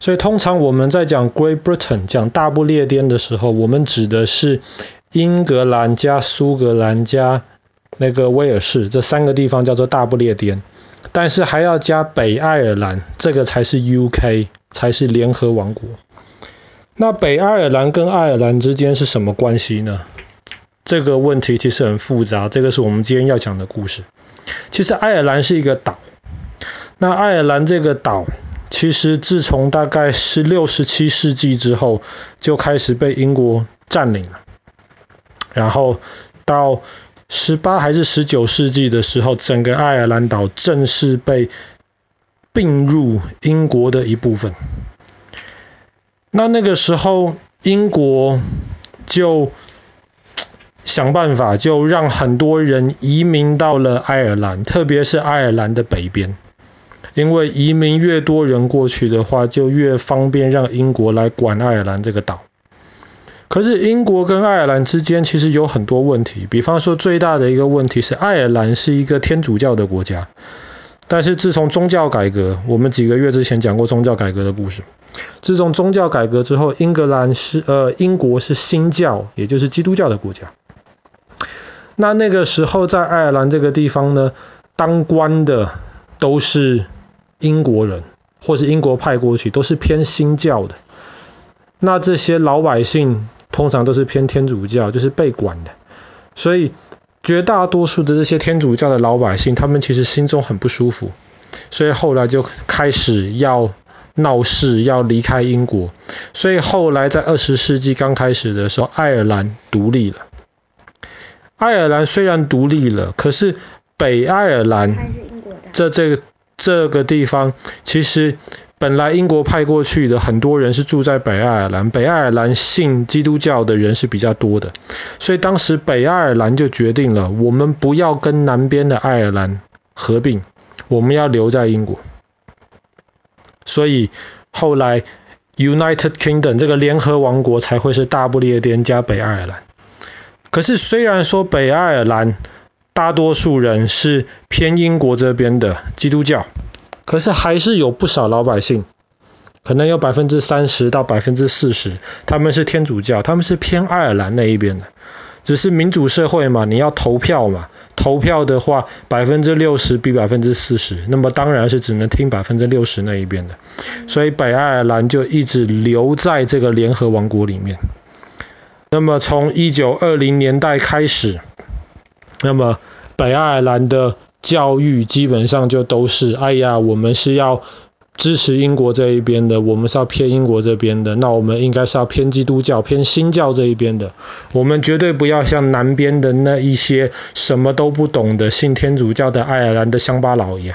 所以通常我們在講 Great Britain，講大不列顛的時候，我們指的是英格蘭加蘇格蘭加那個威爾士，這三個地方叫做大不列顛，但是還要加北愛爾蘭，這個才是 UK，才是聯合王國。那北愛爾蘭跟愛爾蘭之間是什麼關係呢？這個問題其實很複雜，這個是我們今天要講的故事。其實愛爾蘭是一個島，那愛爾蘭這個島。其實自從大概十六、十七世紀之後，就開始被英國佔領了。然後到十八還是十九世紀的時候，整個愛爾蘭島正式被併入英國的一部分。那那個時候，英國就想辦法，就讓很多人移民到了愛爾蘭，特別是愛爾蘭的北邊。因為移民越多人過去的話，就越方便讓英國來管愛爾蘭這個島。可是英國跟愛爾蘭之間其實有很多問題，比方說最大的一個問題是愛爾蘭是一個天主教的國家，但是自從宗教改革，我們幾個月之前講過宗教改革的故事。自從宗教改革之後，英格蘭是，呃，英國是新教，也就是基督教的國家。那那個時候在愛爾蘭這個地方呢，當官的都是。英國人，或是英國派過去，都是偏新教的。那這些老百姓通常都是偏天主教，就是被管的。所以絕大多數的這些天主教的老百姓，他們其實心中很不舒服。所以後來就開始要鬧事，要離開英國。所以後來在二十世紀剛開始的時候，愛爾蘭獨立了。愛爾蘭雖然獨立了，可是北愛爾蘭，這這個。這個地方其實本來英國派過去的很多人是住在北愛爾蘭，北愛爾蘭信基督教的人是比較多的，所以當時北愛爾蘭就決定了，我們不要跟南邊的愛爾蘭合併，我們要留在英國。所以後來 United Kingdom 這個聯合王國才會是大不列顛加北愛爾蘭。可是雖然說北愛爾蘭。大多數人是偏英國這邊的基督教，可是還是有不少老百姓，可能有百分之三十到百分之四十，他們是天主教，他們是偏愛爾蘭那一邊的。只是民主社會嘛，你要投票嘛，投票的話百分之六十比百分之四十，那麼當然是只能聽百分之六十那一邊的，所以北愛爾蘭就一直留在這個聯合王國裡面。那麼從一九二零年代開始。那麼北愛爾蘭的教育基本上就都是，哎呀，我們是要支持英國這一邊的，我們是要偏英國這邊的，那我們應該是要偏基督教、偏新教這一邊的。我們絕對不要像南邊的那一些什麼都不懂的信天主教的愛爾蘭的鄉巴佬一樣。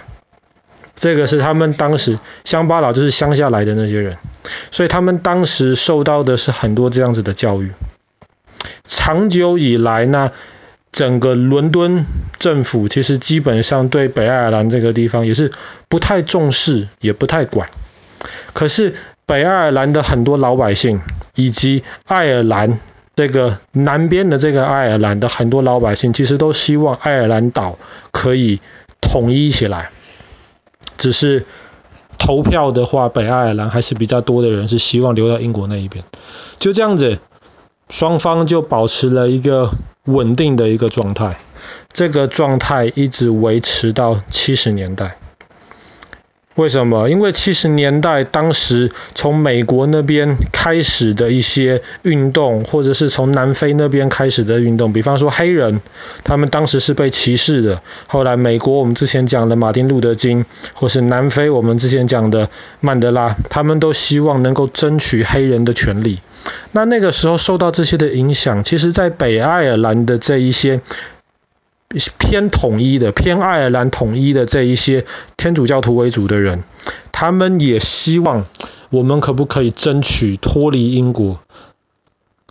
這個是他們當時鄉巴佬就是鄉下來的那些人，所以他們當時受到的是很多這樣子的教育。長久以來呢。整個倫敦政府其實基本上對北愛爾蘭這個地方也是不太重視，也不太管。可是北愛爾蘭的很多老百姓，以及愛爾蘭這個南邊的這個愛爾蘭的很多老百姓，其實都希望愛爾蘭島可以統一起來。只是投票的話，北愛爾蘭還是比較多的人是希望留在英國那一邊。就這樣子。雙方就保持了一個穩定的一個狀態，這個狀態一直維持到七十年代。為什麼？因為七十年代當時從美國那邊開始的一些運動，或者是從南非那邊開始的運動，比方說黑人，他們當時是被歧視的。後來美國我們之前講的馬丁路德金，或是南非我們之前講的曼德拉，他們都希望能夠爭取黑人的權利。那那個時候受到這些的影響，其實在北愛爾蘭的這一些。偏統一的、偏愛爾蘭統一的這一些天主教徒為主的人，他們也希望我們可不可以爭取脫離英國，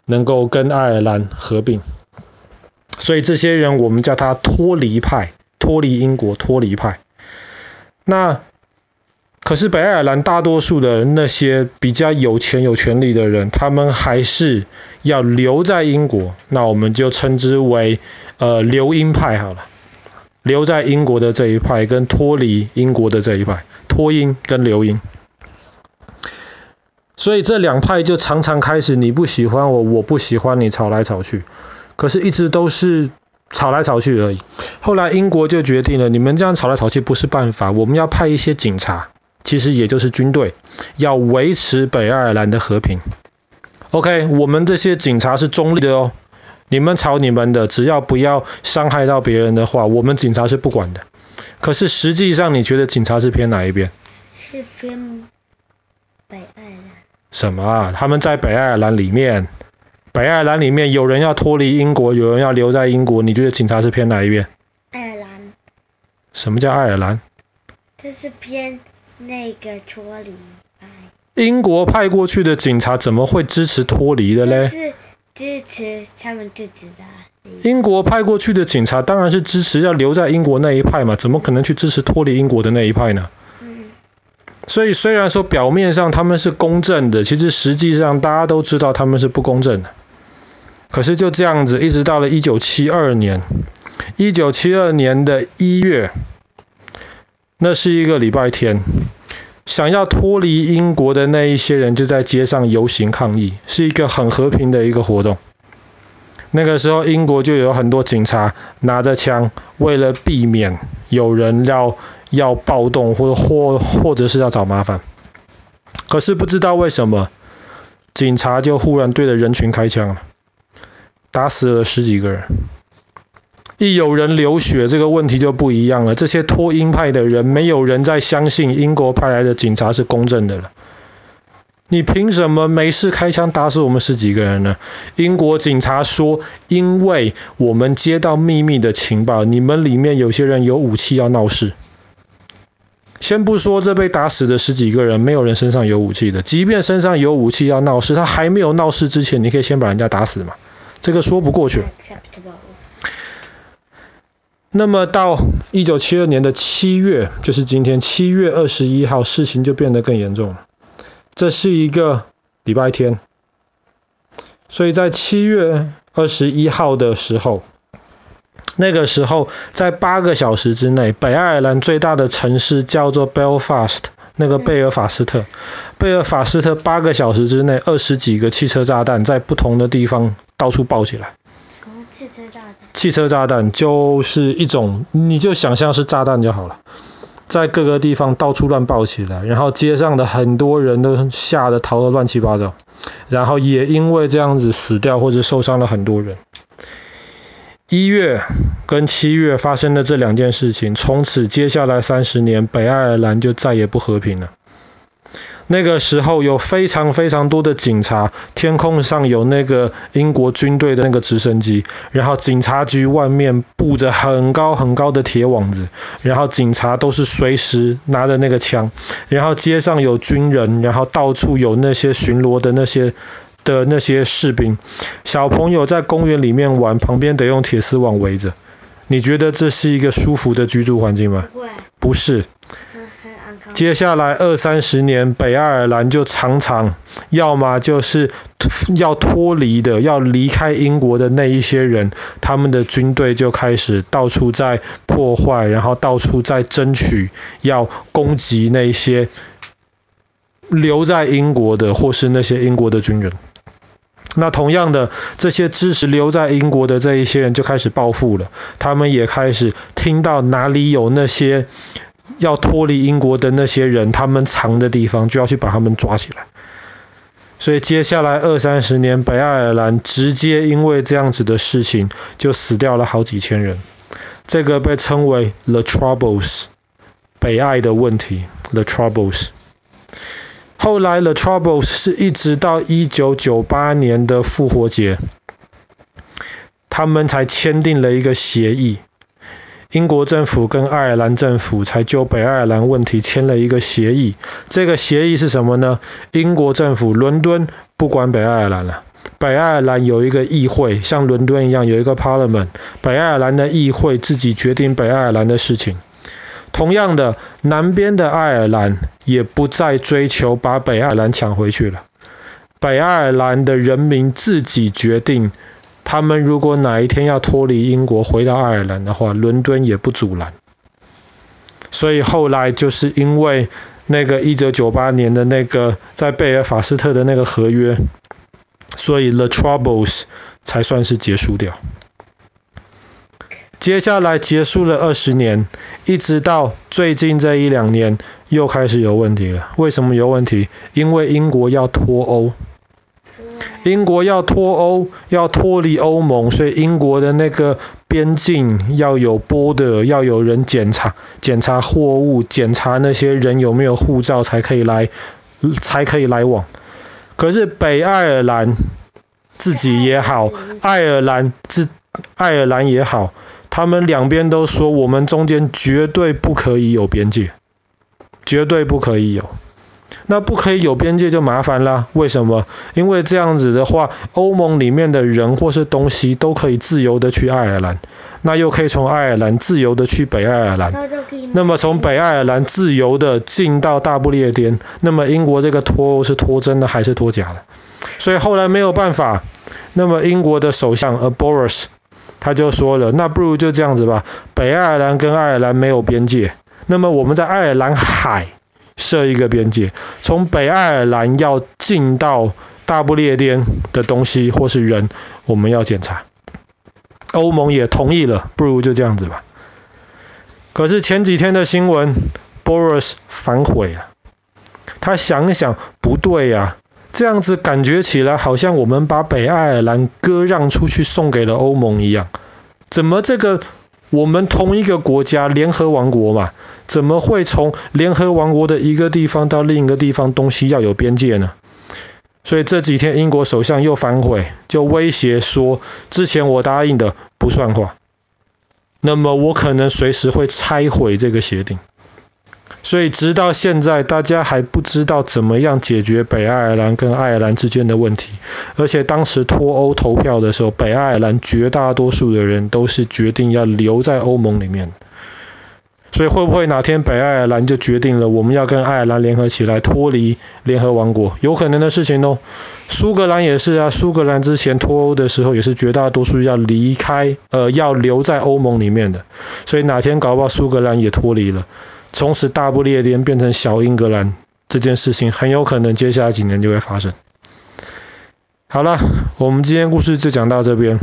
能夠跟愛爾蘭合併。所以這些人我們叫他脫離派，脫離英國，脫離派。那可是北愛爾蘭大多數的那些比較有錢有權力的人，他們還是要留在英國。那我們就稱之為。呃，留英派好了，留在英國的這一派跟脫離英國的這一派，脫英跟留英。所以這兩派就常常開始你不喜歡我，我不喜歡你，吵來吵去。可是，一直都是吵來吵去而已。後來英國就決定了，你們這樣吵來吵去不是辦法，我們要派一些警察，其實也就是軍隊，要維持北愛爾蘭的和平。OK，我們這些警察是中立的哦。你們吵你們的，只要不要傷害到別人的話，我們警察是不管的。可是實際上，你覺得警察是偏哪一邊？是偏北愛爾蘭。什麼啊？他們在北愛爾蘭裡面，北愛爾蘭裡面有人要脫離英國，有人要留在英國，你覺得警察是偏哪一邊？愛爾蘭。什麼叫愛爾蘭？這是偏那個脫離。哎，英國派過去的警察怎麼會支持脫離的嘞？就是支持他們自己的。英國派過去的警察當然是支持要留在英國那一派嘛，怎麼可能去支持脫離英國的那一派呢？嗯。所以雖然說表面上他們是公正的，其實實際上大家都知道他們是不公正的。可是就這樣子，一直到了一九七二年，一九七二年的一月，那是一個禮拜天。想要脫離英國的那一些人就在街上遊行抗議，是一個很和平的一個活動。那個時候英國就有很多警察拿着槍，為了避免有人要要暴動或或或者是要找麻煩，可是不知道為什麼，警察就忽然對着人群開槍了，打死了十幾個人。一有人流血，這個問題就不一樣了。這些脫英派的人，沒有人再相信英國派來的警察是公正的了。你憑什麼沒事開槍打死我們十幾個人呢？英國警察說，因為我們接到秘密的情報，你們裡面有些人有武器要鬧事。先不說這被打死的十幾個人，沒有人身上有武器的，即便身上有武器要鬧事，他還沒有鬧事之前，你可以先把人家打死嗎？這個說不過去。那麼到一九七二年的七月，就是今天七月二十一號，事情就變得更嚴重了。這是一個禮拜天，所以在七月二十一號的時候，那個時候在八個小時之內，北愛爾蘭最大的城市叫做 Belfast，那個貝爾法斯特，嗯、貝爾法斯特八個小時之內，二十幾個汽車炸彈在不同的地方到處爆起來。汽車炸彈，汽車炸彈就是一種，你就想象是炸彈就好了，在各個地方到處亂爆起來，然後街上的很多人都嚇得逃得亂七八糟，然後也因為這樣子死掉或者受傷了很多人。一月跟七月發生的這兩件事情，從此接下來三十年，北愛爾蘭就再也不和平了。那個時候有非常非常多的警察，天空上有那個英國軍隊的那個直升機，然後警察局外面佈着很高很高的鐵網子，然後警察都是隨時拿着那個槍，然後街上有軍人，然後到處有那些巡邏的那些的那些士兵，小朋友在公園裡面玩，旁邊得用鐵絲網圍着。你覺得這是一個舒服的居住環境嗎？不會，不是。接下來二三十年，北愛爾蘭就常常要麼就是要脫離的、要離開英國的那一些人，他們的軍隊就開始到處在破壞，然後到處在爭取，要攻擊那些留在英國的，或是那些英國的軍人。那同樣的，這些支持留在英國的這一些人就開始報復了，他們也開始聽到哪裡有那些。要脫離英國的那些人，他們藏的地方，就要去把他們抓起來。所以接下來二三十年，北愛爾蘭直接因為這樣子的事情就死掉了好幾千人。這個被稱為 The Troubles，北愛的問題，The Troubles。後來 The Troubles 是一直到一九九八年的復活節，他們才簽訂了一個協議。英國政府跟愛爾蘭政府才就北愛爾蘭問題簽了一個協議。這個協議是什麼呢？英國政府倫敦不管北愛爾蘭了，北愛爾蘭有一個議會，像倫敦一樣有一個 Parliament，北愛爾蘭的議會自己決定北愛爾蘭的事情。同樣的，南邊的愛爾蘭也不再追求把北愛爾蘭搶回去了，北愛爾蘭的人民自己決定。他們如果哪一天要脫離英國回到愛爾蘭的話，倫敦也不阻攔。所以後來就是因為那個一九九八年的那個在貝爾法斯特的那個合約，所以 The Troubles 才算是結束掉。接下來結束了二十年，一直到最近這一兩年又開始有問題了。為什麼有問題？因為英國要脫歐。英國要脫歐，要脫離歐盟，所以英國的那個邊境要有 border，要有人檢查，檢查貨物，檢查那些人有沒有護照才可以來，才可以來往。可是北愛爾蘭自己也好，愛爾蘭自愛爾蘭也好，他們兩邊都說，我們中間絕對不可以有邊界，絕對不可以有。那不可以有邊界就麻煩啦。為什麼？因為這樣子的話，歐盟裡面的人或是東西都可以自由的去愛爾蘭，那又可以從愛爾蘭自由的去北愛爾蘭，那麼從北愛爾蘭自由的進到大不列顛，那麼英國這個脫歐是脫真的還是脫假的？所以後來沒有辦法，那麼英國的首相呃 Boris 他就說了，那不如就這樣子吧，北愛爾蘭跟愛爾蘭沒有邊界，那麼我們在愛爾蘭海，設一個邊界，從北愛爾蘭要進到大不列顛的東西或是人，我們要檢查。歐盟也同意了，不如就這樣子吧。可是前幾天的新聞，Boris 反悔了、啊，他想一想，不對呀、啊，這樣子感覺起來好像我們把北愛爾蘭割讓出去送給了歐盟一樣。怎麼這個我們同一個國家，聯合王國嘛？怎麼會從聯合王國的一個地方到另一個地方，東西要有邊界呢？所以這幾天英國首相又反悔，就威脅說，之前我答應的不算話，那麼我可能隨時會拆毀這個協定。所以直到現在，大家還不知道怎麼樣解決北愛爾蘭跟愛爾蘭之間的問題。而且當時脫歐投票的時候，北愛爾蘭絕大多數的人都是決定要留在歐盟裡面。所以會不會哪天北愛爾蘭就決定了，我們要跟愛爾蘭聯合起來脫離聯合王國？有可能的事情哦。蘇格蘭也是啊，蘇格蘭之前脫歐的時候也是絕大多數要離開，呃，要留在歐盟裡面的。所以哪天搞不好蘇格蘭也脫離了，從此大不列顛變成小英格蘭，這件事情很有可能接下來幾年就會發生。好了，我們今天故事就講到這邊。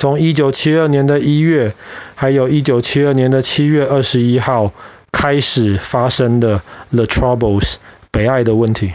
從1972年的一月，還有1972年的7月21號開始發生的 The Troubles，北愛的問題。